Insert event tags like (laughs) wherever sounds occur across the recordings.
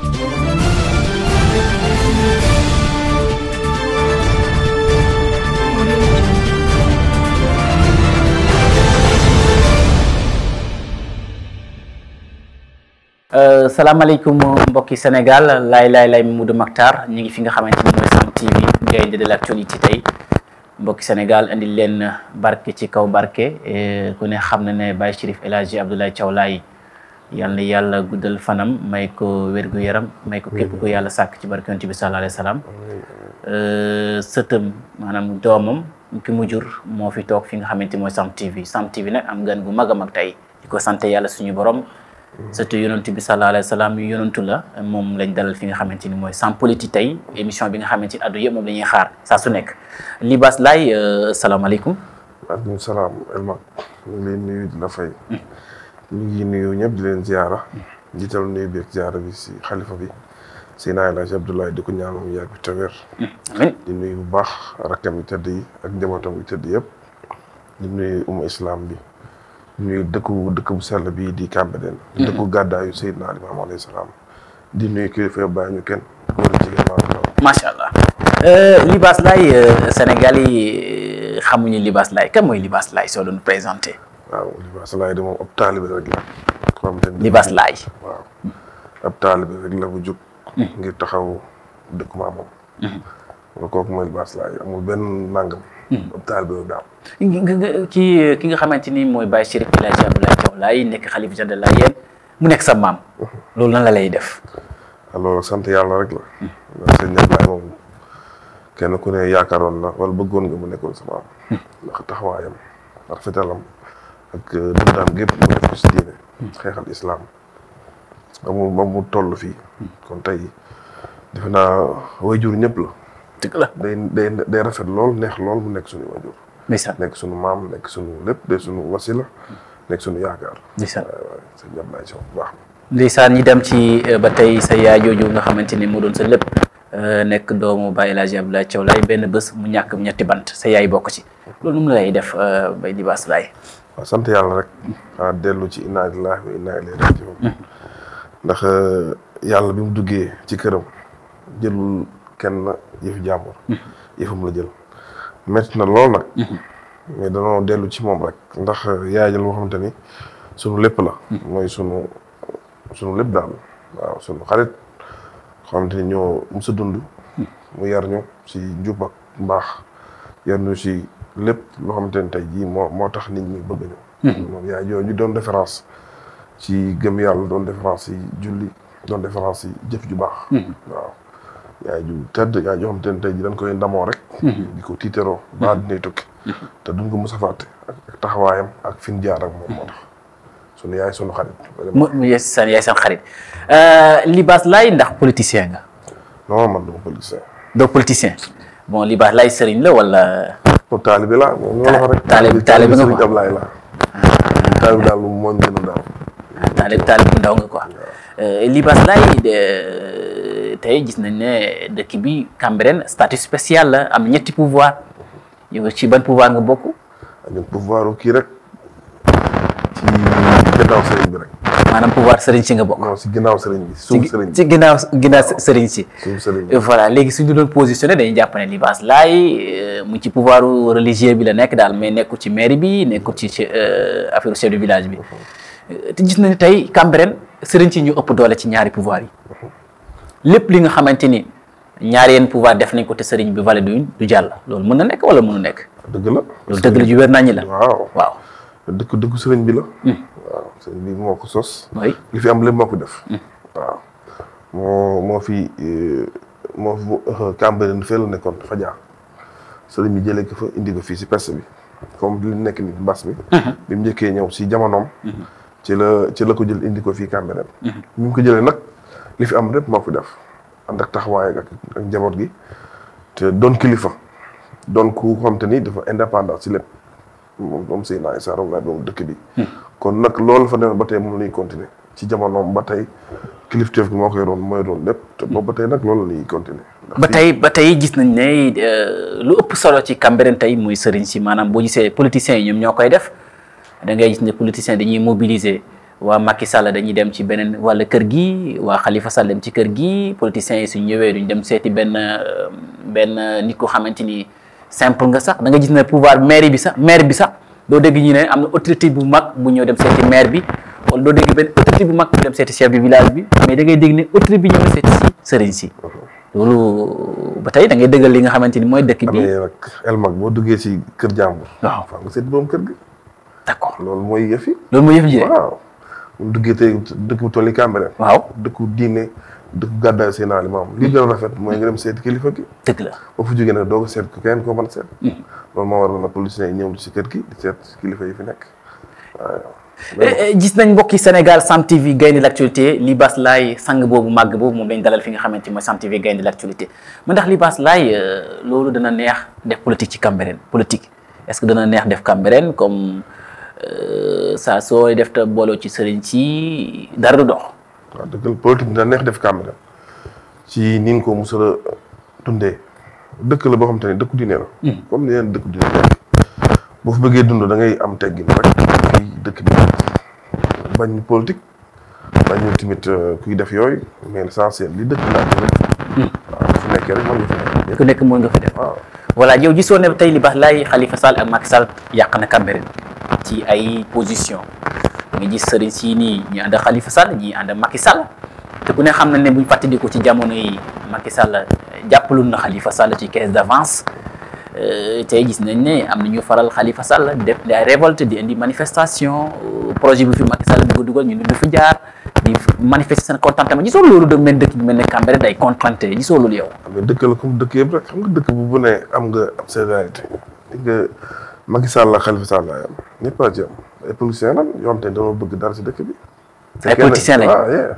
Euh, salaamaaleykum mbokki Sénégal laay laay laay Mamadou Makhtar ñu ngi fi nga xamante ni mooy Sam TV gaynde de l'actualité tey mbokki Sénégal indi leen barke ci kaw barke ku ne xam na ne Baye Chérif El Hadji Abdoulaye Thiaw Laye yal na yàlla guddal fanam may ko wér yaram may ko képp ko yàlla sàkk ci barke yonent bi sallallahu salaam wa euh, sëtëm maanaam doomam ki mu jur moo fi toog fi nga xamante mooy Sam TV Sam TV nag am gan gu mag a mag tey di ko sant yàlla suñu borom surtout yonent bi sallallahu alayhi wa sallam la moom lañ dalal fi nga xamante ni mooy Sam Politique tey émission bi nga xamante ni addu yëpp moom la ñuy xaar saa su nekk Libaas Laay euh, salaamaaleykum waaleykum salaam Elma ñu nuyu di la fay hmm. ñu ngi nuyu ñëpp di leen ziara jiital nuyu beeg bi si xalifa bi Seydina El Hadji Abdoulaye di ko ñaanal mu yàgg te wér di nuyu bu baax rakkam yu tëdd yi ak njabootam yu tëdd yëpp di nuyu umma islam bi nuyu dëkku dëkk bu sell bii di Cambérène mm-hmm. dëkku gàddaayu Seydina Limaamu alayhi salaam di nuyu kilifa bàyyi ñu kenn góor jigéen macha allah euh, Libaas Laay euh, Sénégal yi euh, xamuñu Libaas Laay kan mooy Libaas Laay soo doon présenté waaw libaas laay de moom ab taalibe rek la. ab taalibe rek bu jug. ngir taxaw dëkk maamam. nga mm-hmm. libaas laay amul benn nangam. Mm-hmm. ab taalibe rek daal. ki ki nga xamante ni mooy Baye Chérif El Hadj Abdoulaye nekk xalif de Layeen mu nekk sa maam. Mm-hmm. loolu nan la lay def. alors sant yàlla rek la. ndax sëñ Ablaye moom kenn ku ne yaakaaroon na wala bëggoon nga mu nekkoon sa maam. ndax taxawaayam rafetalam. ak euh, dundaam gépp islaam amul moom mu toll fii hmm. kon tey naa wayjur ñëpp la dëgg day day rafet lool neex lool mu nekk suñu wayjur ndeysaan nekk suñu maam nekk suñu lépp suñu wasila hmm. nekk suñu yaakaar ndeysaan waaw sëñ Abdoulaye dem ci euh, ba tey sa yaay jooju nga xamante ni moo doon sa lépp euh, nekk doomu Baye El Hadj Abdoulaye Thiaw Laye benn bés mu ñàkk ñetti bant sa yaay bokk ci loolu mu lay def bay libaas laay waaw sant yàlla rek dellu ci inna lillahi wa inna ilayhi rajiun hmm. ndax eh, yàlla bi mu duggee ci këram jëlul kenn yëfu jàmbur hmm. yëfam la jël métti na lool nag hmm. mais danoo dellu ci moom rek ndax yaay jël boo xamante ni sunu lépp la mooy sunu sunu lépp daal waaw sunu xarit xamante ni ñoo mës a dund mu yar ñu si njub ak mbaax yar ñu si lépp loo xamante ne tey jii moo moo tax nit ñi bëgg ñu moom yaay jooju doon référence ci gëm yàlla doon référence yi julli doon référence yi jëf ju baax waaw yaay ju tedd yaay joo xamante ne tey jii dañ koy ndamoo rek di ko tiitaroo ba dinay tukki te duñ ko mos a fàtte ak taxawaayam ak fi ñu jaar ak moom moo tax sunu yaay sunu xarit. mu mu yaay seen yaay seen xarit Libaas Laay ndax politicien nga. non man dama politicien. donc politicien bon Libaas Laay sëriñ la wala. moom taalibi laa. taalibi taalibi nga quoi taalibi laa. Ah. taalibi daal moom gën a daaw. Ah, taalib taalib bu ndaw nga quoi eh, Libasse euh, tey gis nañ ne dëkk bi Cambérène statut spécial la am ñetti pouvoir yow ci ban pouvoir nga bokk. ñun pouvoir kii rek ci gannaaw sëriñ bi rek. maanaam pouvoir sëriñ si nga bokk. non si ginnaaw sëriñ bi suuf sëriñ si ginnaaw ginnaaw sëriñ si. suuf sëriñ voilà léegi suñu doon positionné dañuy jàpp ne Libaas Laay euh, mu ci pouvoir religieux bi la nekk daal mais nekku ci mairie bi nekkul ci euh, affaire chef de village bi. Euh, te gis nañu tey Cambérène sëriñ si ñu ëpp doole ci ñaari pouvoir yi lépp li nga xamante ni ñaari yenn pouvoir def nañ ko te sëriñ bi valé duñ du jàll loolu mën na nekk wala mënu nekk. dëgg la loolu dëgg la ju wér dëkk dëkku sëriñ bi la. Hmm. waaw sëriñ bi moo ko sos. li fi am lépp moo ko def. Hmm. waaw moo moo fi eh, moo fi eh, Cambérène fee la nekkoon Fadiar sëriñ bi jëlee ko fa indi ko fii si peste bi comme li nekk ni mbas bi. Hmm. bi mu njëkkee ñëw si jamonoom. ci la ci la ko jël indi ko fii Cambérène. mu ko jëlee nag li fi am lépp moo ko def ànd ak taxawaay ak ak njaboot gi te doon kilifa doon ku xam te ni dafa indépendant si lépp. moom moom Seydina Issa rogaay boobu dëkk bi hmm. kon nag loolu fa demee ba tey moom lañuy continuer ci jamonoom ba tey kilifteef gi moo koy doon mooy doon lépp te boobu ba tey nag loolu ba tey ba tey gis nañ ne euh, lu ëpp solo ci Cambérène tey muy sëriñ si maanaam boo gisee politiciens yi ñoom ñoo koy def da ngay gis ne politiciens dañuy mobiliser waa Macky Sall dañuy dem ci beneen wàll kër gi waa Khalifa Sall ci kër gi politiciens yi suñ ñëwee duñ dem seeti benn euh, benn nit ko xamante ni simple nga sax da nga gis na pouvoir maire bi sax maire bi sax do deg ñu ne am autorité bu mag bu ñëw dem séti maire bi wala do deg ben autorité bu mag bu dem séti chef du village bi mais da ngay deg ne autorité bi ñëw séti si sëriñ si lolu ba tay da ngay deggal li nga xamanteni moy dekk bi el mag bo duggé ci kër jàmbur waaw fa nga séti borom kër gi d'accord lolu moy yefi lolu moy yefi waaw duggé tey dekk bu tolli kàmbare waaw dëkku diiné du gàddaay seen alimaam li gën a rafet mooy nga dem seeti kilifa gi dëgg la boo fa jógee nag doo ko seet ku kenn koo mën a seet hmm. loolu moo waral nag police yi ñëw ci kër gi di seet kilifa yi fi nekk eh, eh, gis nañ mbokki Sénégal Sam TV gaynde l'actualité Libaas Laay sang boobu màgg boobu moom lañ dalal fi nga xamante ni mooy Sam TV gaynde l'actualité mu li Libaas Laay euh, loolu dana neex def politique ci Cambérène politique est-ce que dana neex def Cambérène comme euh, saa sooy def te booloo ci sëriñ ci dara du waaw dëkk la politique dina neex def caméra ci nin ko mos a dundee dëkk la boo xam te ne dëkku diine la. Hmm. comme ni boo fu bëggee dund da ngay am teggin rek fii dëkk bi bañ politique bañ tamit euh, kuy def yooyu mais l'essentiel li dëkk laa hmm. ko rek. waaw fu nga fi nekk. ku nga fi def. waaw voilà yow gisoo ne tey li baax laay Khalifa Sall ak Macky yàq na Cambérène ci ay position nga gis sëriñ sii nii ñi ànd Khalifa Sall ñi ànd Macky Sall te ku ne xam na ne buñ fàttaliku ci jamono yi Macky Sall eh, jàppalul na Khalifa Sall ci caisse d'avance eh, tey gis nañ ne am na ñu faral Khalifa Sall de ay révolte di indi manifestation euh, projet bu fi Macky Sall bëgg a dugal ñu ne du fi jaar di manifester seen contentement gisoo loolu de mel dëkk bi mel ne Cambérène day contenté loolu yow. Ah, Macky Sall Khalifa Sall la yam laa pa jëm ay politiciens lan yonté xam bëgg dara ci dëkk bi. ay politiciens lañ waaw yeah.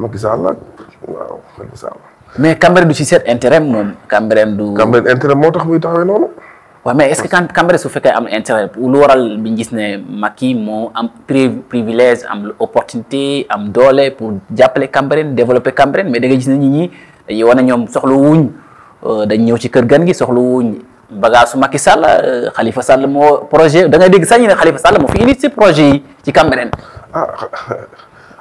Macky Sall waaw Khalifa Sall. mais Cambérène du ci seet intérêt mom Cambérène du. Cambérène intérêt moo tax muy taxawee nonu wa mais est ce que quand Cambérène su fekkee am intérêt lu waral bi gis né Macky mo am privilège am opportunité am doole pour jàppale Cambérène développer Cambérène mais da nga gis ne nit ñi e yi wona ñom soxlu wuñ euh, dañ ñëw ci kër gan gi soxlu wuñ bagasu Macky Sall Khalifa Sall mo projet da ngay deg sax ñu ne Khalifa Sall mo fi indi ci projet yi ci Cambérène. ah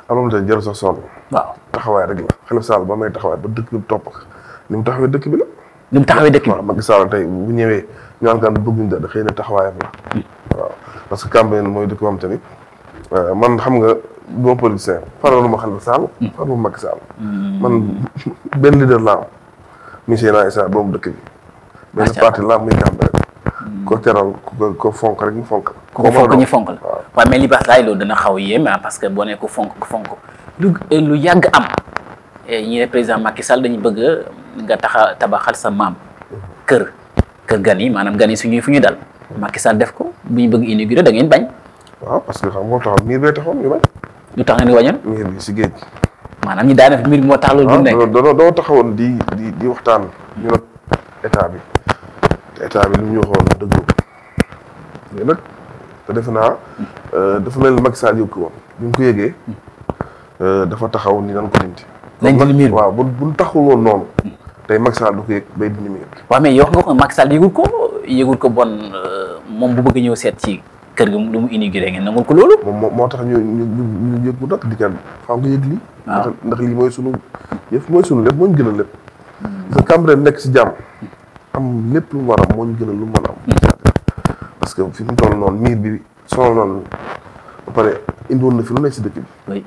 da jël sax solo waaw taxaway rek la Khalifa Sall ba may taxaway ba dëkk bi top nim mu dëkk bi la. nim mu dëkk bi waaw Macky Sall tay bu ñëwé ñu naan kan bëgg ñu dëd xeyna taxaway la. waaw parce que Cambérène moy dëkk boo tamit man xam nga bo politicien faralu ma Khalifa Sall. faralu Macky Sall. man ben leader la am monsieur Naye Sarr doomu dëkk bi. benn parti la muy Cambérène ko teral ko fonk rek ñu fonk la ku ko fonk ñu fonk la waaw mais li baax laay loolu dana xaw yéeme ah parce que boo nee ko fonk ko fonk lu lu yàgg am ñi ne président Macky Sall dañu bëgg nga taxa tabaxal sa maam kër kër gan yi maanaam gan yi suñuy fu ñu dal Macky Sall def ko bu ñu bëgg inauguré da ngeen bañ waaw parce que xam nga taxaw miir bee taxaw ñu bañ lu tax ngeen di wañal miir bi si géej maanaam ñi daa def miir bi moo tax loolu du nekk doo taxawoon di di di waxtaan ñu état bi te état bi li ñu waxoon dëggul mais nag te defe naa euh, dafa mel ni Macky Sall yëg ko woon bi mu ko yëgee euh, dafa taxaw ni nan ko limti nañ dindi miir waaw bu bu taxul woon noonu tey Macky Sall du ko yëg bay dindi miir waaw mais yow nga ko Macky Sall yëgul ko yëgul ko bon euh, moom bu bëgg ñëw seet ci kër gi lu mu inauguré ngeen nangul ko loolu moom moo tax ñu ñu ñu yëg bu nag di kan faaw nga yëg lii ndax lii mooy sunu yëf mooy sunu lépp mooñ gën lépp sa hmm. Cambérène nekk si jàmm am lépp lu mu war a am moo ñu gënal lu mu war a am. parce que fi mu toll noonu miir bi sonal noonu ba pare indiwoon na fi lu nekk si dëkk bi.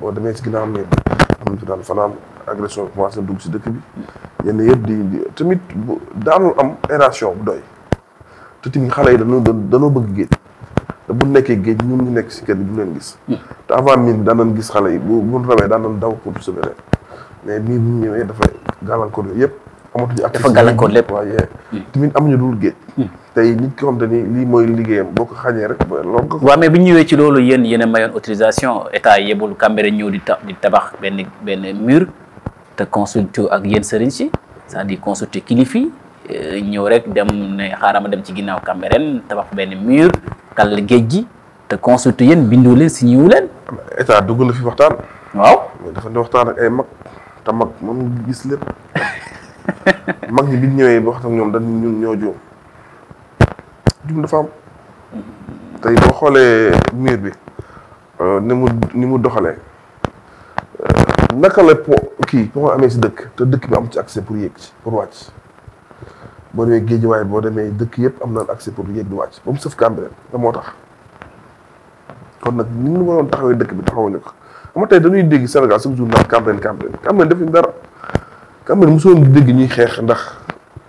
boo demee si ginnaaw miir bi am na fi daan fanaan agression bi commencé dugg si dëkk bi. yenn yëpp di tamit bu daanul am aération bu doy te xale yi dañoo dañoo bëgg géej te bu nekkee géej ñun mu nekk si kër gi du leen gis. Hmm. te avant miir bi daan nañ gis xale yi bu bu rawee daan nañ daw pour sauver mais miir bi ñu ñëwee dafa gàllankoor yooyu yëpp. amatuñu accès dafa gàllankoor lépp waaw yee hmm. tamit amuñu dul géej hmm. tey nit ki xam te ni lii mooy liggéeyam xañee rek loolu ko waaw bi ñu ñëwee ci loolu yéen yen a mayoon autorisation état yebul Cambérène ñëw di di tabax benn benn mur te consulté ak yéen sëriñ si c'est-à-dire consulté kilifa yi euh, ñëw rek dem ne xaaral ma dem ci ginnaaw Cambérène tabax benn mur kàll géej gi te consulté yéen bindoo leen si ñëwu leen dugg na fi waxtaan waaw dafa ne waxtaan ak ay mag te mag moom gis lépp mag ñi bi ñëwee wax ak ñoom dañ ñun ñoo juum juum dafa am tey boo xoolee miir bi euh, ni mu ni mu doxalee euh, naka la po kii boo amee si dëkk te dëkk bi am ci accès pour yéeg ci pour wàcc boo demee géej waaye boo demee dëkk yëpp am naan accès pour yéeg di wàcc ba mu sëf Cambérène da moo tax kon nag ni ñu waroon taxawee dëkk bi taxawuñu ko xam nga tey dégg Sénégal chaque jour naan Cambérène Cambérène Cambérène defuñu dara xam nga mosoon dégg ñuy xeex ndax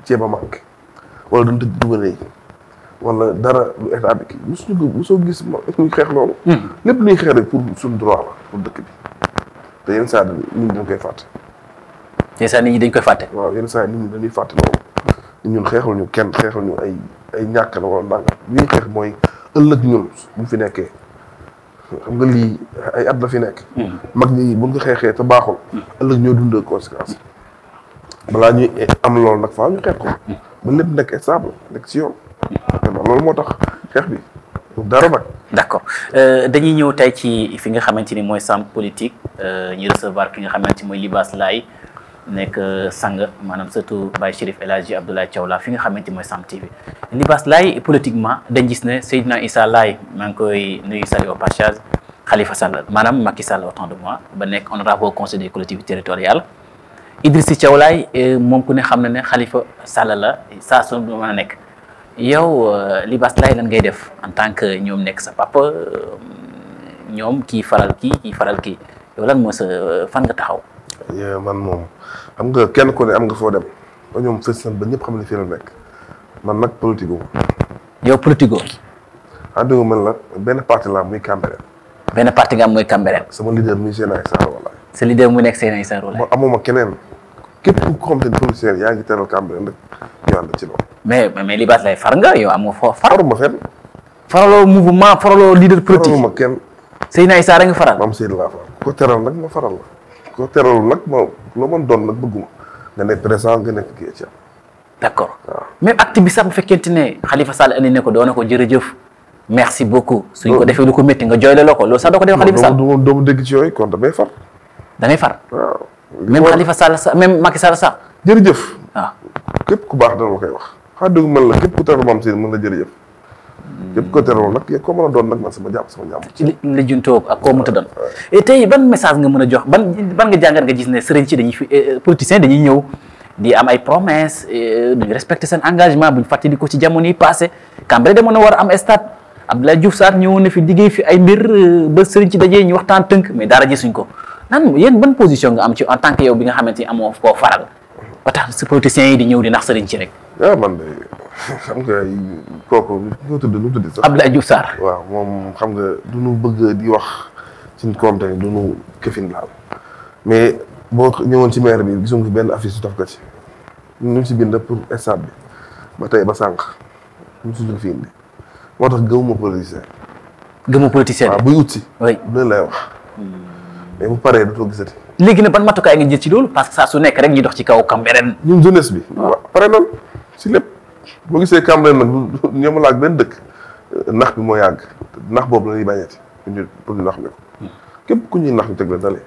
ceeb a manqué wala duñ dëgg dugal wala dara lu état bi kii mosuñu ko gis ñuy xeex loolu. Hmm. lépp luy xeex rek pour suñu droit la pour dëkk bi te yenn saa yi dañ koy fàtte. yenn saa nit dañ koy fàtte. waaw yenn saa nit ñi dañuy fàtte loolu ñun xeexul ñu kenn xeexul ñu ay ay ñàkk la wala ndànk li ñuy xeex mooy ëllëg ñun ñu fi nekkee. xam nga lii ay at la fi nekk. Hmm. mag ñi buñ ko xeexee te baaxul. Hmm. ëllëg ñoo dundee conséquence. balaa ñuy am loolu nag faaw ñu xeex ko ba lépp nekk stable nekk si yoon. loolu moo tax xeex bi dara nag. d' euh, dañuy ñëw tey ci fi nga xamante ni mooy champ politique euh, ñu recevoir ki nga xamante ni mooy Libaas Laay nekk euh, sang maanaam surtout Baye Chérif El Hadji Abdoulaye Thiaw la fi nga xamante mooy Sam TV Libaas Laay politiquement dañ gis ne Seydina na Laay maa ngi koy nuyu sali au passage Khalifa Sall maanaam Macky Sall autant de moi ba nekk honorable conseil des collectivités Idrissa Thiaw Laye eh, moom ku ne xam na ne xalifa Sall la saa su mën nekk yow eh, Libaas Laye lan ngay def en tant que ñoom nekk sa papa mm, ñoom kii faral kii kii faral kii yow lan moo sa eh, fan nga taxaw. man moom xam nga am nga foo dem ñoom fës na ba ñëpp xam ne man nag politico. yow politico. àdduma ah, man la benn parti la muy Cambérène. benn parti nga am muy Cambérène. sama leader sa leader mu nekk Seyna Issa Rouhou Laye. amuma keneen. képp ku xamante ni commissaire yaa ngi teral Cambérène rek ñu ànd ci loolu. mais mais Libaas lay far nga yow amoo foo far. faruma fenn. faraloo mouvement leader politique. faraluma kenn. Seydina Issa rek nga faral. maam Seydina laa faral ko teral nag ma faral ko teral nag ma loo mën doon nag bëgguma nga nekk présent nga nekk kii ci am. d' bu ne Khalifa Sall andi ne ko doone ko jërëjëf. merci beaucoup suñ ko defee lu ko métti nga jooyle loo ko loolu sax def Khalifa Sall. doo doo dégg ci yooyu kon far. far waaw. même Khalifa Sall sax même Macky Sall sax. jërëjëf. waaw ah. képp ku baax dana la koy wax. xanaa dëgg mën la képp ku teral maam si mën la jërëjëf. Hmm. képp ku teral nag a doon nag man sama jàpp sama ñaam. ci li a juntoo ak koo mënta doon. waaw tey ban message nga mën a jox ban ban nga jàngat nga gis ne sëriñ dañu dañuy fi eh, eh, politiciens dañuy ñëw. di am ay promesse eh, duñu respecté seen engagement bu buñ fàttali ko ci jamono yi passé Cambérène demoon na war a am stade Abdoulaye Diouf Sarr ñëwoon na fi liggéey fi ay mbir ba sëriñ ci dajee ñu waxtaan tënk mais dara gisuñ ko nan yéen ban position nga am ci en tant que yow bi nga xamante ni amoo koo faral ba tax politiciens yi di ñëw di ndax sëriñ ci rek. waaw ah, man de xam nga kooku ñoo tudd nu tudd sax. Abdoulaye Diouf Sarr. waaw moom xam nga du ñu bëgg di wax suñu koom tamit du ñu këfin mais boo ñëwoon ci maire bi gisuñu ko benn affiche su ñu si bind pour stade bi ba ba sànq fi moo tax gëmuma politicien. gëmuma politicien waaw buy ut si. oui loolu lay wax. mais bu paré do gisati. légui né ban matukaay nga jël ci loolu parce que sa su nek rek ñu dox ci kaw Cambérène. ñun jeunesse bi. paré non ci lepp lépp gisé gisee Cambérène nak du laak ben benn dëkk nax bi mo yag nax boobu la ñuy bañati ñu pour ñu nax ñu ko képp ku ñuy nax tegg la dalé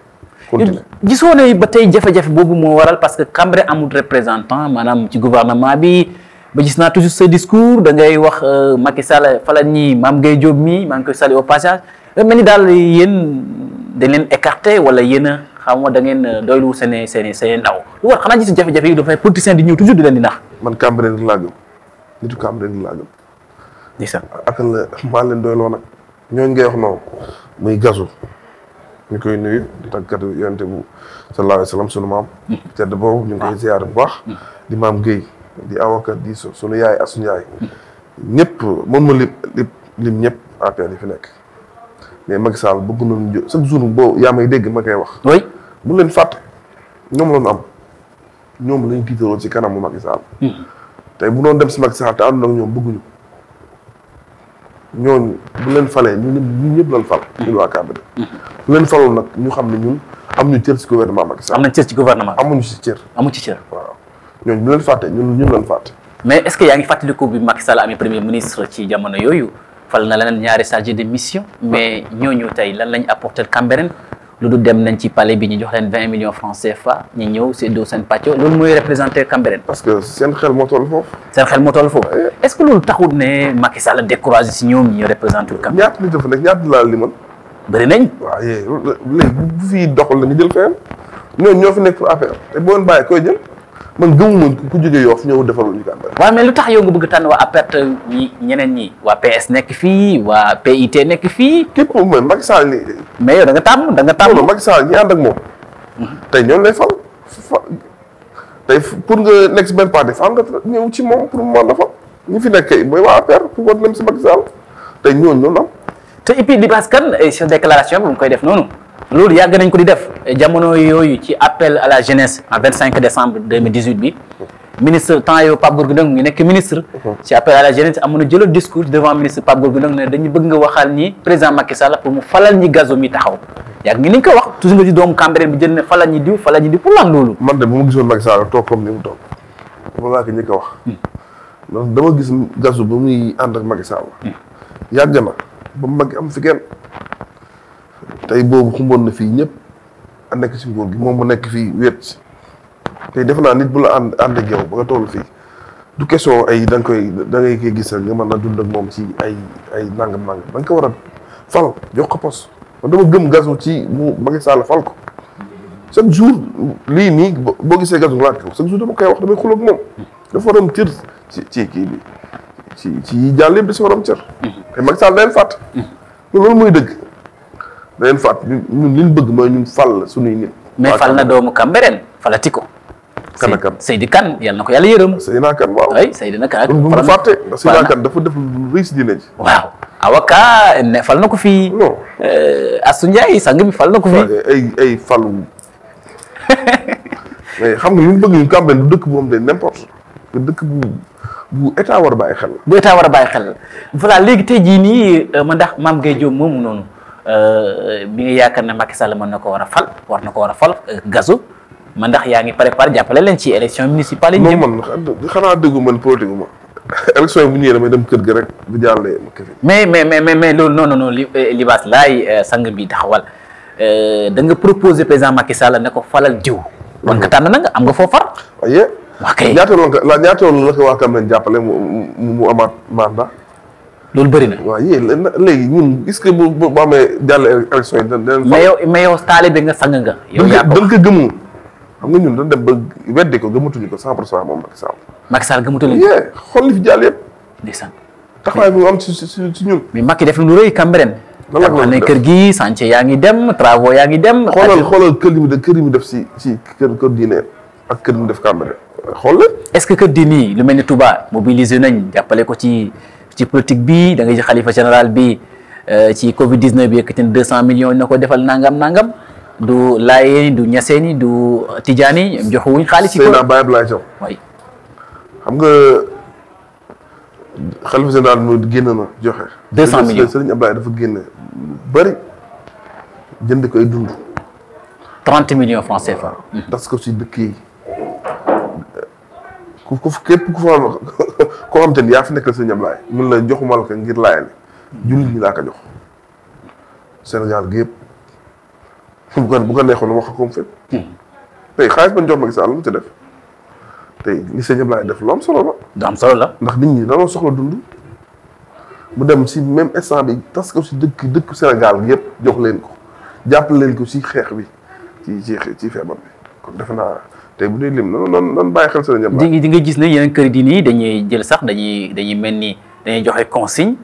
gisone ne ba tay jafé jafé bobu mo waral parce que Cambérène amul représentant manam ci gouvernement bi. ba gis na toujours ce discours da ngay wax eh, Macky Sall fala ñi mam ngay job mi mang ko koy au passage eh, mel ni daal de leen écarté wala yéen a xam nga da ngeen euh, doylu seen i seen i seen i ndaw lu war xanaa gis jafe-jafe yi dafay politicien di ñëw toujours di leen di nax. man Cambérène laa gëm nitu Cambérène laa gëm. ndeysaan ak la maa leen doyloo nag ñooñu ngay wax noonu muy gasu ñu koy nuyu di tàggat yonente bu sallallahu alayhi wa sallam sunu maam. Mm. tedd boobu ñu ngi koy ziar bu baax. Mm. di maam Guèye di avocat di sunu yaay ak yaay. Mm. ñëpp moom ma lim lim ñëpp APR yi fi nekk. mais Macky Sall bëgg nañu jo chaque jour boo yaa may dégg ma kay wax. oui bu leen fàtte ñoom la ñu am ñoom lañ tiitaroo ci kanamu Macky Sall. Hmm. tey bu doon dem si Macky Sall te àndul ak ñoom bëgguñu ñooñu bu leen falee ñun ñëpp lañ fal. Hmm. ñun waa cadre hmm. bi. ñu xam ne ñu cër si gouvernement Macky Sall. am nañ cër ci gouvernement amuñu si cër. amuñu waaw ñooñu bu leen fàtte ñun ñun lañ fàtte. mais est-ce que yaa ngi fàttaliku bi Macky amee premier ministre ci jamono yooyu. fal na leneen ñaari chargé de mission mais ñooñu tay lan lañ apporter Cambérène lu du dem nañ ci palais bi ñu jox leen 20 millions francs CFA ñi ñew c'est do sen patio loolu mooy représenter Cambérène. parce que sen xel mo toll foofu. sen xel mo toll foofu est ce que lolu taxul ne Macky Sall découragé si ñoom ñi représenté Cambérène. ñaata li def nekk ñaata la li man. bëri nañ. waaw léegi bu fi doxul la nga jël fayam ñoom ñoo fi nek pour affaire te boo baye koy jël. man gëmuma ku jógee Yoff ñëw defarul ñu ko Ameth. waaw lu tax yow nga bëgg tànn waa APR ñi ñeneen ñi. waa PS nekk fii waa PIT nekk fii. képp moom mooy Macky mais yow da nga tàmm da nga tàmm. non Macky Sall ñi ànd ak moom. tey ñoom lay fal tey pour nekk si benn parti faa nga ñëw ci moom la fa ñu fi nekk mooy waa APR pour war dem si Macky Sall tey ñooñu noonu am. te et puis di Basse Kane sa déclaration bi mu koy def noonu. loolu yàgg nañ ko di def jamono yooyu ci appel à la jeunesse en 25 décembre 2018 bi ministre temps yow Pape Gorgui Ndong ngi nekk ministre ci appel à la jeunesse amoon na jëloon discours devant ministre Pape Gorgui Ndong ne dañu bëgg nga waxal ñi président Macky Sall pour mu falal ñi gazo mi taxaw yàgg wax toujours nga ci doomu Cambérène bi jël ne falal ñi diw falal ñi diw pour lan loolu man de ma gisoon Macky Sall toog ni mu toog moom laa ko njëkk a wax donc hmm. dama gis gazo ba muy ànd ak hmm. yàgg na ba mu Macky am fi kenn tey boobu xumboon na fii ñëpp a nekk si nguur moom mu nekk fii wéet tey defe naa nit bu la ànd ànd ak ba nga toll fii du question ay da koy da ngay koy gis rek nga mën a dund ak moom ci ay ay nangam nangam da ko war a fal jox ko pos man dama gëm gazu ci mu Macky Sall fal ko chaque jour lii nii boo gisee gazu laaj ko chaque jour dama koy wax damay xuloo ak moom dafa war cër ci ci kii bi ci ci yi jàll yëpp da si war a cër. te mm-hmm. Macky Sall day fàtt mm-hmm. loolu mooy dëgg. da leen fàtt ñun li ñu bëgg mooy ñun fal suñuy nit. fal na doomu Cambérène falati ko. kan ak kan Seydi na ko yàlla yërëm. Seydina Kane waaw ay Seydina Kane. kon bu mu fàtte Seydina na ko fii. non euh, Assou Ndiaye sang na ko fii. ay ay falu. (laughs) mais xam nga li mu bëgg ñun Cambérène du dëkk bu am de bàyyi xel. bu a léegi tey jii nii euh, ma ndax maam Guèye Diop moomu noonu. Euh, bi nga yaakaar na Macky Sall man na ko war a fal war na ko war a fal euh, gazu ma ndax yaa ngi préparé jàppale leen ci élection municipale yi. non man xanaa dëggu man politique ma. élection yi bu mais mais mais mais loolu non non non li euh, libaas laay sang bi taxawal da nga proposé président Macky Sall ne ko falal jiw. wan nga mhm. tànn na nga am nga foo far. waaye. ok ñaata woon la ñaata woon la ko waa Cameroun jàppale mu amaat mandat. loolu bëri na. waaw yéen léegi ñun est-ce que bu bu amee jàll élection yi dañ mais yow mais yow taalibe nga sang nga. yow yaa dañ ko gëmu. xam nga ñun dañ dem ba weddi ko gëmatuñu ko 100 pour Macky Sall. Macky Sall gëmatuñu ko. xool li fi jàll yëpp. ndeysaan. taxawaay bi am si si ñun. mais Macky def lu rëy Cambérène. lan kër gi chantier yaa ngi dem travaux yaa ngi dem. xoolal xoolal kër yi mu kër yi def si si kër kër diine ak kër yi def Cambérène xool est-ce que kër diine yi lu mel Touba mobiliser nañ jàppale ko ci ci politique bi da ngay ci xalifa général bi euh, ci Covid 19 bi yëkkati na 200 millions na ko defal nangam nangam du Laayeen du Ñaseen du Tijaani ñoom joxuwuñ xaalis. ci kaw Seydina Baye Abdoulaye Thiaw xam nga xalifa général mu génn na joxe. 200 millions Serigne Abdoulaye dafa génn bëri jënd koy dund. 30 millions francs CFA. ko si ku ku képp ku (laughs) koo xam te ni yaa fi nekkal sëñ Ablaye mun la joxu malaka ngir laayal jullit ñi laa ko jox Sénégal gi yëpp (laughs) bu ko bu ko neexoon wax ko mu fépp hmm. tey xaalis ban jox Macky Sall lu mu ci def tey li sëñ Ablaye def loom am solo la. solo la. ndax nit ñi dañoo soxla dund mu dem si même instant bi tas ko si dëkk dëkk Sénégal gi yëpp jox leen ko jàppale leen ko si xeex bi ci ci ci feebar bi kon defe naa. tey bu ñuy lim noonu noonu bàyyi xel sëriñ nga gis ne yeneen kër diine dañuy jël sax dañuy dañuy mel ni dañuy joxe consigne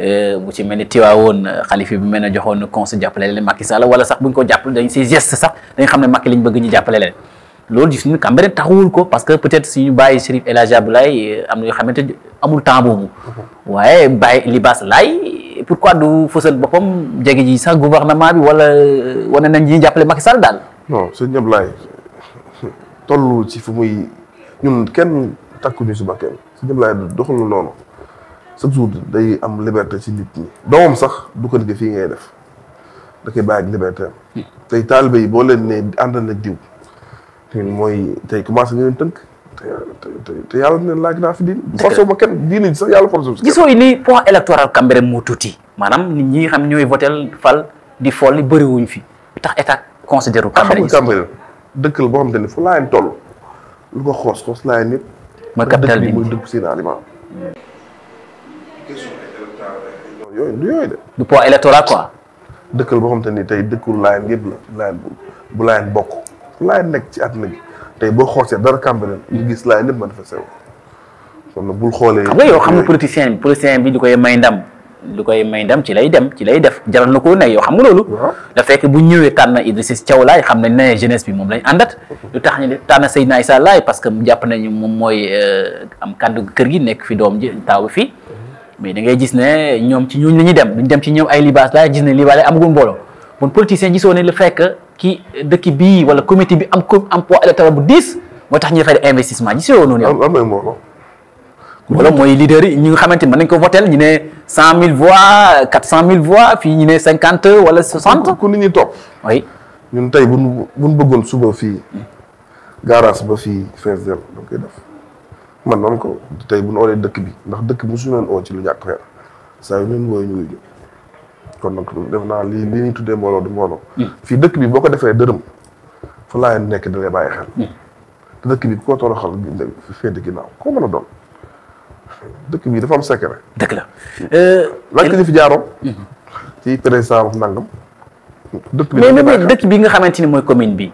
euh, bu ci mel ni tiwaawoon euh, xalifa bu mel ne joxoon consigne jàppale leen Macky Sall wala sax bu ñu ko jàppale dañ si geste xam ne Macky lañ bëgg ñu jàppale leen. loolu gis nañu Cambérène taxawul ko parce que peut-être suñu bàyyi Chérif El Hadj Abdoulaye euh, am na yoo xamante amul temps boobu waaye bàyyi libaas laay pourquoi du fësal boppam jege ji sax gouvernement bi wala wane nañ ñi jàppale Macky Sall daal. non sëñ Ablaye tollul ci fu muy ñun kenn takkuñu si bakkeem si jëm laay doxul noonu chaque jour day am liberté ci nit ñi doomam sax du ko liggéey fii ngay def da koy bàyyi tey taalibe yi boo leen ne ànd na diw mooy tey commencé ñu leen tënk te te yàlla ne laaj naa fi diin forcé ma kenn diine ji sax yàlla forcé ma électoral Cambérène moo tuuti maanaam nit ñi xam ñooy votel fal di fool ni bëriwuñ fi tax état considéré ah, Cambérène dëkk boo xam xamante ne fu laayeen toll lu ko xoos xoos laayeen yëpp. mooy capital bi mooy dëkk seen aliment. yooyu du yooyu de. du poids électoral quoi. dëkk la boo xamante ni tey dëkkul laayeen yëpp la laayeen bu bu bokk fu laayeen nekk ci àdduna bi tey boo xoosee dara Cambérène ñu gis laayeen yëpp manifesté wu. kon nag bul xoolee. xam nga xam ne politicien bi politicien bi du koy may ndam. lu koy may dem ci lay dem ci lay def jaral na koo ne yow xam nga loolu. da fekk bu ñëwee tànn Idrissa Thiaw laay xam nañ ne jeunesse bi moom lañ àndat. lu tax ñu ne tànn Seydina Issa laay parce que jàpp nañu moom mooy euh, am kàddu kër gi nekk fi doom ji taaw fi mais da ngay gis ne ñoom ci ñooñu la ñuy dem duñ dem ci ñoom ay libaas laay gis ne libaas laay amagul mbooloo bon politicien gisoo ne lu fekk ki dëkk bi wala comité bi am am poids électoral bu diis moo tax ñu def ay investissement gisoo noonu yow. am wala mooy leader yi ñi nga xamante ni mën nañ ko votel ñu ne cent mille voix quatre cent mille voix fii ñu ne cinquante wala soixante ku nit ñi topp oui ñun tey buñ buñ bëggoon suba fii garage ba fii fees del dañ def man noonu ko tey buñ oolee dëkk bi ndax dëkk bi suñu leen oo ci lu ñàkk weer saa yu leen ñu wuyu kon nag def naa li li ñuy tuddee mbooloo du mbooloo hmm. fii dëkk bi boo ko defee dërëm fa laa nekk dalee bàyyi xel hmm. dëkk bi koo toroxal féete ginnaaw koo mën a doon dëkk bii dafa am secret. dëkk la. Euh, euh, lakk ñu fi jaaroon. Mhm. ci président wax nangam. dëkk bi mais même ah. dëkk nga xamante ni mooy commune bi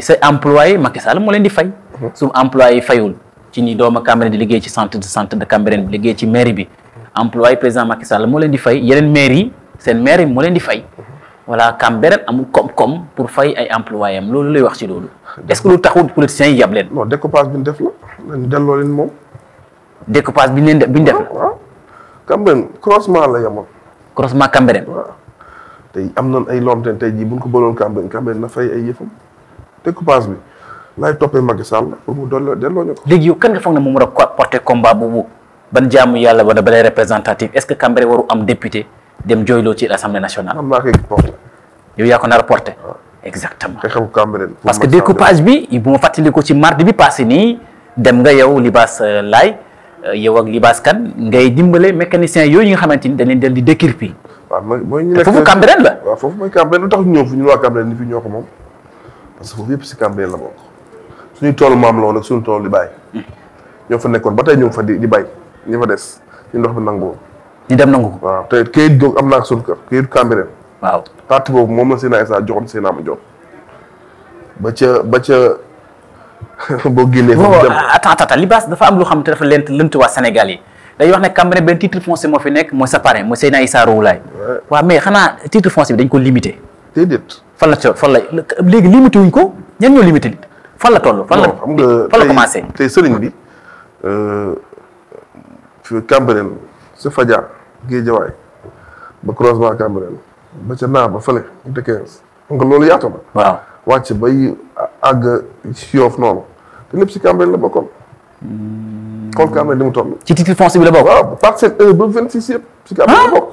sa employé Macky Sall moo leen di fay. Mhm. su employé fayul ci nii doomu Cambérène di liggéey ci centre de de Cambérène bi liggéey ci mairie bi. employé président Macky Sall moo leen di fay yeneen maire yi seen maire yi moo leen di fay. Mhm. voilà Cambérène amul koom-koom pour fay ay employé am loolu lay wax ci loolu. est-ce que lu taxul politiciens yi yab leen. non découpage bi ñu def découpage bi ñu def bi ñu def. Ah, ah. Cambérène croisement la yemoon. croisement Cambérène. waaw ah. tey am nañ ay lom ten bu ñu ko bëloon Cambérène Cambérène na fay ay yëfam découpage bi laay toppee Macky Sall pour léegi yow kan nga foog ne moom war a porter combat boobu ban jaamu yàlla wala balay représentatif est-ce que Cambérène waru am député dem jooyloo ci l'Assemblée nationale. man yow yaa ko nar a porté. exactement te xew parce que découpage bi bu ma fàttali ko ci mardi bi passé nii dem nga yow Libaas euh, Laay. Euh, yow ak Libaas Kane ngay dimbale mécanicien yooyu nga xamante ni dañ leen del di décrypter. waaw foofu Cambérène la. foofu mooy Cambérène lu tax ñu ñëw fi ñu waa Cambérène ko moom parce que foofu yëpp si Cambérène la bokk suñu toolu maam la woon ak suñu toolu di bàyyi. ñoo fa nekkoon ba tey ñëw fa di di bay ñu fa des ñu ndox mi nangu ñu dem nangu ko. waaw te këyit googu am naa ak suñu kër këyit Cambérène. waaw partie boobu moom la Seydina saa joxoon Seydina ma jox ba ca ba ca (laughs) boo génnee fa mu dem ah, attends Libaas dafa am lu xam te dafa lent lënt waa Sénégal yi dañuy wax ne Cambérène benn titre foncier moo fi nekk mooy sa parrain mooy Seydina Issa Rouhou Laye waaw mais xanaa titre foncier bi dañ ko limité déedéet fan la co fan la léegi limité wuñ ko ñan ñoo limité la toll fan la xam tey sëriñ bi euh, fi Cambérène su Fadia Guédiawaye ba croisement Cambérène ba ca naa ba fële unité xam nga loolu yaatu na. waaw wàcc bay àgg si yoof noonu te lépp si Cambérène la bokkoon. Hmm. xool Cambérène di mu toll. ci titre foncier bi la bokk. waaw ba vingt six yëpp. si Cambérène la ah! bokk.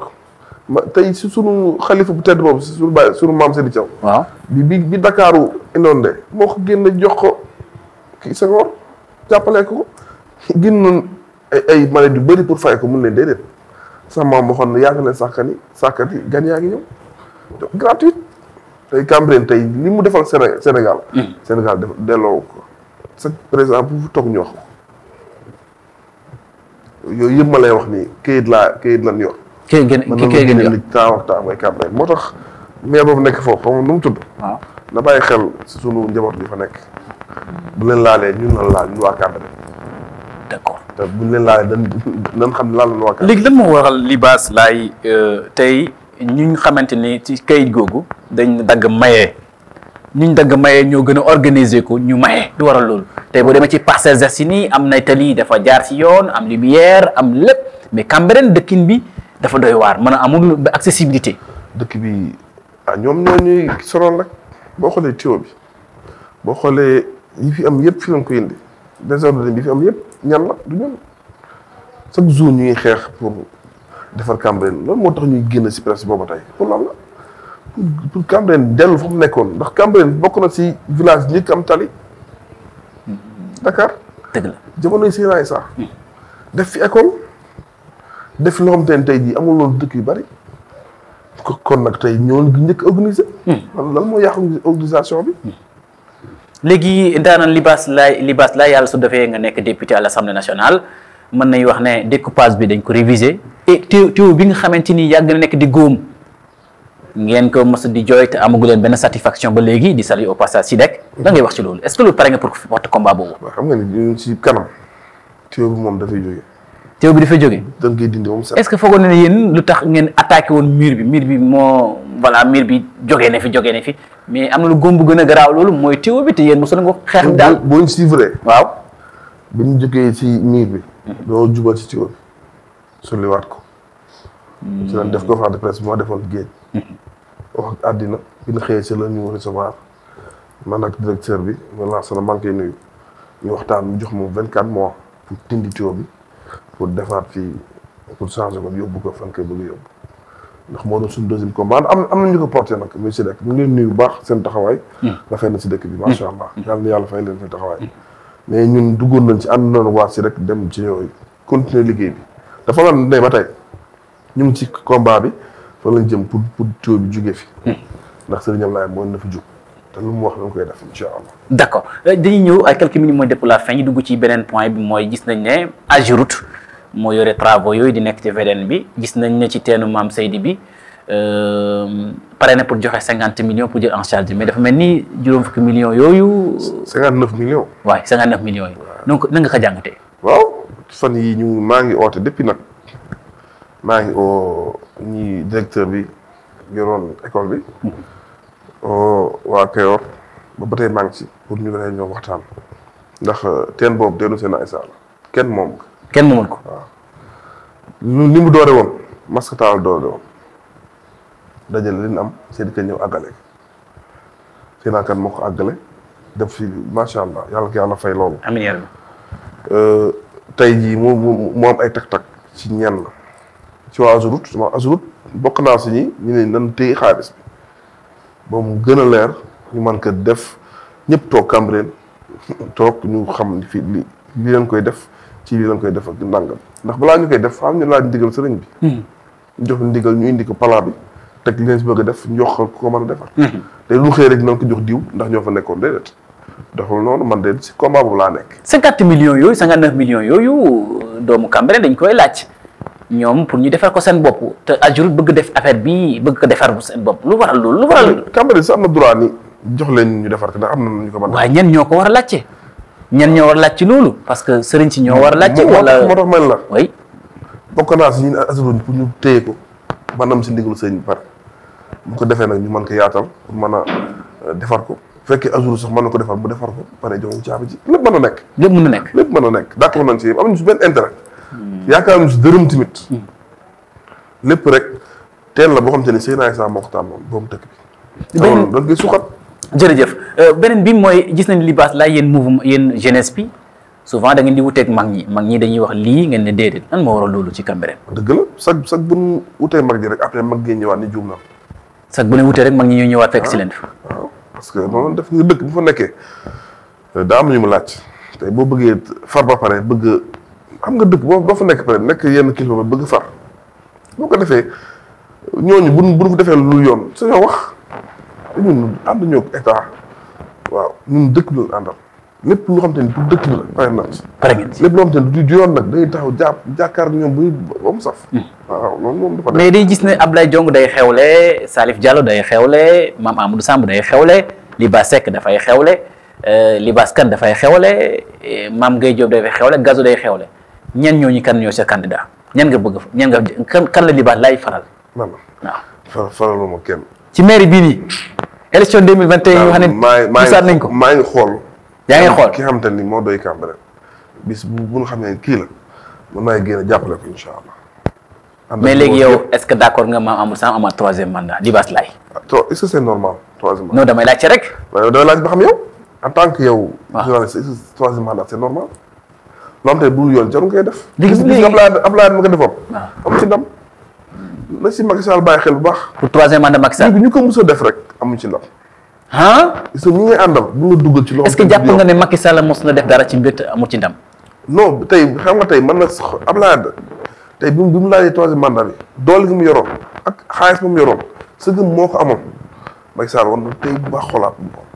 ma tey su sunu xalifa bu tedd boobu si sunu bàyyi sunu maam Seydi Thiaw. bi bi bi Dakaru inondé moo ko génne jox ko kii Senghor jàppale ko génnoon ay ay malade yu bëri pour fay ko mun ne déedéet sama maam waxoon na yàgg na sàkkani sàkkati gan yaa ngi ñëw tey Cambérène tey li mu defal Sénégal. Hmm. Sénégal def delloo ko. sa président bu toog ñu wax ko yooyu yëpp ma lay wax nii kayit laa këyit lan yor. këyit gën këyit gën yor man moo tax maire boobu nekk foofu xam nga mu tudd. na bàyyi xel si sunu njaboot yi fa nekk. bu leen laalee ñun lan laal ñu waa Cambérène. d' accord te bu leen laalee dañ dañ xam ne laal nañu waa Cambérène. léegi lan moo waral Libaas Laay euh, tey. ñu xamante ni ci kayit googu dañ dagg maye ñu dagg maye ñoo gën a organiser ko ñu maye du waral loolu te boo demee ci Parcelles Assainies am na tali dafa jaar ci yoon am lumière am lépp mais Cambérène dëkkin bi dafa doy waar mën a amul accessibilité. dëkk bi ah ñoom ñoo ñuy soroon rek boo xoolee tuyau bi boo xoolee yi fi am yëpp fi lañ ko indi désordre bi fi am yëpp ñan la du ñan chaque jour ñuy xeex pour. defar Cambérène loolu moo tax ñuy génn si presse booba tey pour lan la pour pour Cambérène dellu fa mu nekkoon ndax Cambérène bokk na si village njëkk am tali. Dakar. dëgg la jamonoy Seydina Issa def fi école def loo xam tey jii amul loolu dëkk yu bari. kon nag tey ñoo njëkk organisé. Hmm. lan mooy yàq organisation bi. Hmm. léegi daanaka libaas laay libaas laay yàlla su defee nga nekk député à l'Assemblée nationale. mën nañ wax ne découpage bi dañ ko réviser et tew bi nga xamanteni yag na nek di góom ngeen ko mësa di joy te amagu len ben satisfaction ba légui di sali au passage si dek da ngay wax ci loolu est ce que loolu paré nga pour porte combat boobu xam nga ni ci kanam tew bi da fay joggé tew bi fay joggé da ngay dindi mom est ce que foogoon ne yéen lu tax ngeen attaquer won mur bi mur bi mo voilà mur bi joggé na fi joggé na fi mais amna lu gombu gëna graw a moy tew bi te yeen mësa nga xex dal daal boo vrai waaw bi mu ci miir bi. do djuba ci tuyau sulli wat ko. ci lan def ko fa de presse mo defon defoon géej. wax ak adina bi ñu xëyee si la ñu recevoir man ak directeur bi ma lancé la maa ngi nuyu ñu waxtaan mu jox mo 24 mois pour tindi tuyau bi pour defaat fi pour changer ko yóbbu ko fanke bu yóbbu. ndax mo doon sun deuxième combat am am nañu ko porter nak muy si dëkk mu ngi leen nuyu bax baax seen taxawaay. rafet na ci dëkk bi ma sha allah. yàlla yàlla fay leen fi taxaway mais ñun duggoon nañ ci ànd nañ waa si rek dem ci ñooy continuer liggéey bi dafa war ne ba tey ñu ngi ci combat bi fa lañ jëm pour pour tuyau bi jugee fi. Hmm. ndax sëriñ Ablaye moo na fi jug. te lu mu wax dañ koy def incha allah. d' accord euh, dañuy ñëw ay quelques minutes mooy depuis la fin dugg ci beneen point bi mooy gis nañ ne Agirout moo yore travaux yooyu di nekk ci VDN bi gis nañ ne ci teenu maam Seydi bi. pare na pour joxe 50 millions pour jël en charge mais dafa melni ni juróom fukki millions yooyu. cinquante millions. waaw 59 millions donc na nga ka jàngatee. waaw fan yi ñu maa ngi oote depuis nak maa ngi oo ñi directeur bi yoron école bi. waa Kayor ba ba tey maa ngi ci pour ñu lay ñoo waxtaan. ndax ten bob delu sen ay saal kenn moom. kenn moomul ko waaw. lu ah. ni mu doore won masque taal doore woon dajale li am seen ca ñëw àggale seen kan moko agalé def fi macha allah yàlla ko yalla fay lool amin ya euh tay ji mo mo am ay tak-tak ci la ci wa azurut ma azurut bok na ci ñi ñi ne nan tey xaalis bi bo mu gëna leer ñu man ko def ñëpp tok cambreen (laughs) tok ñu xam fi li li lañ koy def ci li lañ koy def ak ndàngam ndax bala ñu koy def xam ñu la ndigal sëriñ bi hmm. jox ndigal ñu indi ko pala bi tek li ngeen bëgg def ñu ko mëna mën a defal. Mhm. lu xé rek nañ ko jox diiw ndax ñoo fa nekkoon déedéet. defal noonu man de ci combat bu la nekk. cinquante millions yoy 59 millions yoy doomu Cambérène dañ koy lacc ñom pour ñu défar ko seen bop té Ajurut bëgg def affaire bi bëgg ko défar bu seen bop lu waral lu waral. Cambérène sa amna droit ni jox leen ñu défar té amna ñu ko mën wa ñen ñoko wara lacc ñen ñoo wara lacc lolu parce que sëriñ ci ñoo wara lacc wala moo tax man la. oui bokk ci ñu ñun pour ñu téye ko maanaam ci ndigalu sëriñ par mu ko defee nag ñu mën ko yaatal pour a euh, defar ko bu fekkee azur sax mën na ko defar mu defar ko pare jox caabi ji lépp mën a nekk. lépp mën a nekk lépp mën a nekk d'accord nañ ci yëpp am nañu si benn intérêt. Hmm. yaakaar nañu si dërëm tamit. Hmm. lépp rek teel la boo xam te ne Seydina Issa moo ko tànnoon boobu dëkk bi. beneen loolu da ngay suqat. jërëjëf euh, beneen bi mooy gis nañ li baax laa yéen mouvement yéen jeunesse bi souvent da ngeen di wuteeg mag ñi mag ñi dañuy wax lii ngeen ne déedéet lan moo waral loolu ci Cambérène. dëgg la sax sax bu ñu wutee mag ji rek après mag gi ñëwaat ni juum na sax bu ne wutee rek mag ñi ñuy ñëwaat fekk si leen waaw ah, ah, parce que moom daf ñu dëkk bu fa nekkee euh, daa am ñu mu laaj tey boo bëggee far ba pare bëgg xam nga dëkk boo fa nekk pare nekk yenn kilifa ba bëgg far boo ko defee ñooñu bu bu defee lu yoon su ñoo wax ñun ànd ñoo état waaw ñun dëkk bi àndal. lépp loo xam te ne du dëkk la pare na pare ngeen si lépp loo xam te ne du yoon nag day taxaw jàpp jàkkaar ñoom buy ba mu saf hmm. waaw loolu moom dafa mais day gis ne Ablaye Diong day xewle Salif Diallo day xewle Mame Amadou Samb day xewle Liba Seck dafay xewle euh, Libas Kane dafay xewle Mame Gueye Diop dafay xewle Gazo day xewle ñen ñooñu kan ñoo sa candidat ñan nga bëgg ñan nga kan kan la Liba lay faral waaw faral faraluma kenn ci mairie bii nii élection 2021 yoo nañ ko maa ngi xool yaa ngi xool ki nga xamante ni moo doy Cambérène bis bu ñu xam ne kii la mën naa génn jàppale ko incha allah. mais léegi yow est ce que d' accord nga ma amul sama amaat troisième mandat Libaas Laay. Ah, est ce que c' est normal troisième mandat. non damay laajte rek. waaw damay laaj ba xam yow en tant que yow. waaw journaliste est ce que troisième mandat c' normal. loo xam te bu yoon jarul ngay def. léegi léegi Abdoulaye Abdoulaye ma ko defoon. waaw am ci ndam. na si Macky Sall bàyyi xel bu baax. pour troisième mandat Macky Sall. ñu ko mos a def rek amuñ ci ndam. ah. gis nga ñi ngay àndal bu nga dugal ci loolu. est ce que jàpp nga ne Macky Sall mos na def dara ci mbir te amul ci ndam. non tey xam nga tey man nag Abdoulaye Wade tey bi mu laajee troisième mandat bi doole gi mu yoroon ak xaalis bi mu yoroon sa gëm moo ko amoon Macky Sall woon na tey bu baax xolaat bu baax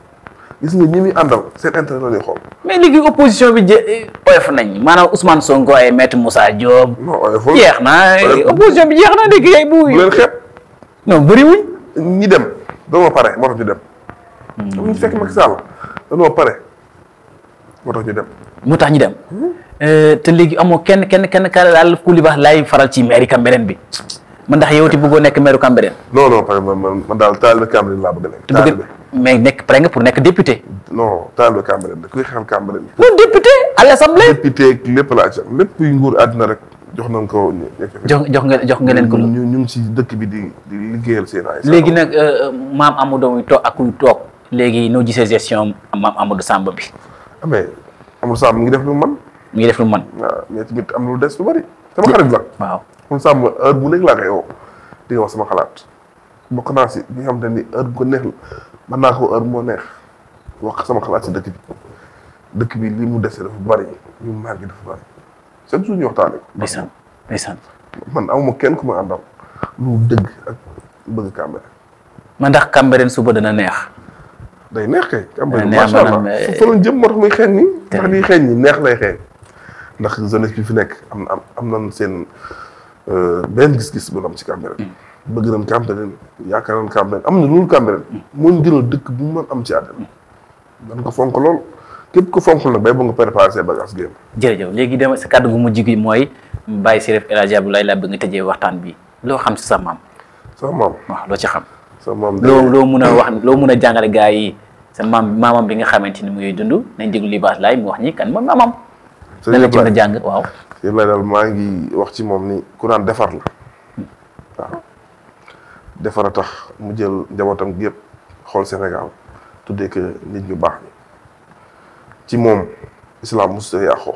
gis nga ñi muy àndal seen intérêt la ñuy xool. mais léegi opposition bi jë eh, nañ maanaam Ousmane Sonko ay maître Moussa Diop. jeex na eh, opposition bi jeex na léegi ay bu. bu leen xeeb non bëriwuñ. ñi dem dama pare moo tax ñu dem. comme ñu fekk Macky Sall dañoo pare moo tax ñu dem. moo tax ñu dem. Eh, te léegi amoo kenn kenn kenn kaale daal ku li baax laay faral ci mairie Cambérène bi man ndax yow ti bëggoo nekk maire Cambérène. non non parce que man man daal taalibe Cambérène laa bëgg a nekk. taalibe mais nekk pare nga pour nekk député. non taalibe Cambérène da kuy xeexal Cambérène. non député à l'assemblée. député ak lépp laa acam lépp yu nguur àddina rek jox nañ ko. jox jox nga jox nga leen ko. ñu ñu ngi si dëkk bi di di liggéeyal seen ay. léegi nag eh, maam Amadou muy toog ak kuy toog. léegi noo jisee gestion maam Amadou Samb bi. Ah, mais Amadou mu ngi def mu mën. waaw mais tamit am lu des lu bëri. sama xarit la waaw. Amadou Samb bu nekk laa koy di wax sama xalaat bokk naa si li nga xamante ni mën naa ko heure moo neex wax sama xalaat si dëkk bi dëkk bi li mu dese dafa bëri ñu màgg dafa bëri chaque jour ñu waxtaanee. ndeysaan ndeysaan. man amuma kenn ku ma àndal lu dëgg ak bëgg Cambérène. man ndax Cambérène suba dana neex. day neex kay. day neex maanaam macha allah eh, fa doon jëm moo tax muy xeeñ nii. ndax liy xeeñ neex lay xeeñ. ndax jeunesse bi fi nekk am na am nañ seen euh, benn gis-gis bu am ci Cambérène. Mm. bëgg nañ Cambérène yaakaar nañ Cambérène am na loolu Cambérène. Mm. moo ñu gënal dëkk bu mu mën am ci àddina. Mm. dañ nga fonk lool képp ko fonk nag bay ba nga préparé ses bagages génn. jërëjëf léegi dama sa kàddu gu jig mooy Baye Chérif El Hadj Abdoulaye laa bëgg nga tëjee waxtaan bi loo xam si sa maam. sa loo ci xam. sa loo mun a wax loo mun a jàngale gars yi mamam maam maamam bi nga xamante ni mu ngay dund nañ déglu libaas laay mu wax ñi kan mooy mamam lan la ci mën a jàng dal sëñ Ibrahima daal maa ngi wax ci moom ni ku naan defar la waaw tax mu jël njabootam gi yëpp xool Sénégal tuddee nit ñu baax ni ci moom islam musta yàqoo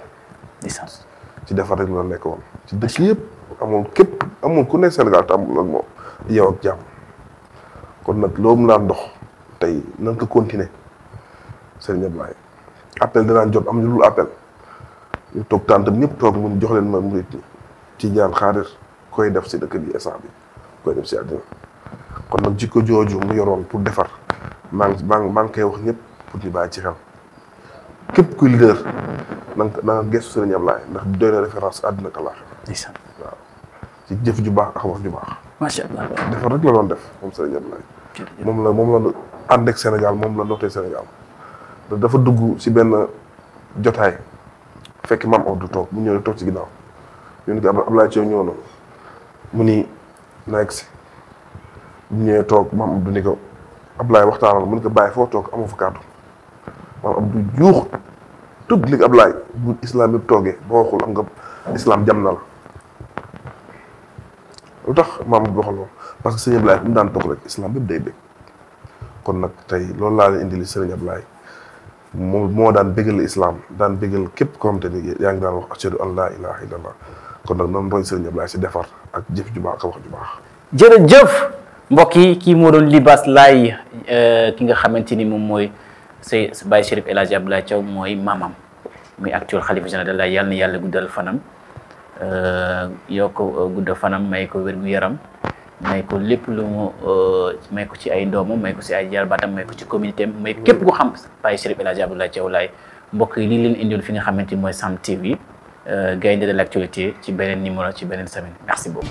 ci defar rek la nekk woon ci dëkk yëpp amul képp amul ku nekk Sénégal te amul ak moom yow ak jàmm kon nag loolu mu daan dox tey nan ko continuer Serigne Ablaye appel danaan jot am lu appel ñu toog tàntam ñëpp toog mun jox leen ma murit ñi ci ñaan xaarir koy def si dëkk bi instant bi koy si àddina kon nag ko jooju mu yoroon pour defar maa ngi maa koy wax ñëpp pour ñu bàyyi ci xel képp kuy leader na nga na nga gëstu Serigne Ablaye ndax doy na référence àddina ak laaxira waaw ci jëf ju baax ak wax ju baax. macha defar rek la doon def moom Serigne Ablaye moom la moom la. ànd ak Sénégal moom la noté Sénégal dafa dugg ci benn jotaay fekk maam Abdou toog mu ñëw toog ci ginnaaw ñu ne ko Abdoulaye Thiaw ñëw na mu ni na egg si bu ñëwee toog maam Abdou ni ko Abdoulaye waxtaanal mu ne ko bàyyi foo toog amoo fa kàddu maam Abdou juux tudd li ab Abdoulaye bu islam yëpp toogee boo waxul am nga islam jam na la lu tax maam Abdou waxal parce que sëñ Abdoulaye mu daan toog rek islam yëpp day bëgg. kon nag tey loolu laa leen indil Serigne Ablaye moom moo daan bégal islam daan bégal képp koo xam te ni yaa ngi daan wax ashadu an laa ilaha illallah kon nag noonu roy Serigne Ablaye si defar ak jëf ju baax wax ju baax. jërëjëf mbokk yi kii moo doon libaas laay eh, ki nga xamante ni moom mooy say Baye Chérif El Hadj Abdoulaye Thiaw mooy maamam muy actuel xalifa général de la yàlla na yàlla guddal fanam. Eh, yoo ko eh, gudda fanam may ko wér gu yaram may ko lépp lu mu euh, may ko ci ay ndoomu may ko ci ay jarbaatam may ko ci communauté am may képp ko xam Baye Chérif El Hadji Abdoulaye Thiaw Laye mbokk yi lii leen indiwoon fi nga xamante ni mooy Sam TV euh, gaynde de l'actualité ci beneen numéro ci beneen semaine merci beaucoup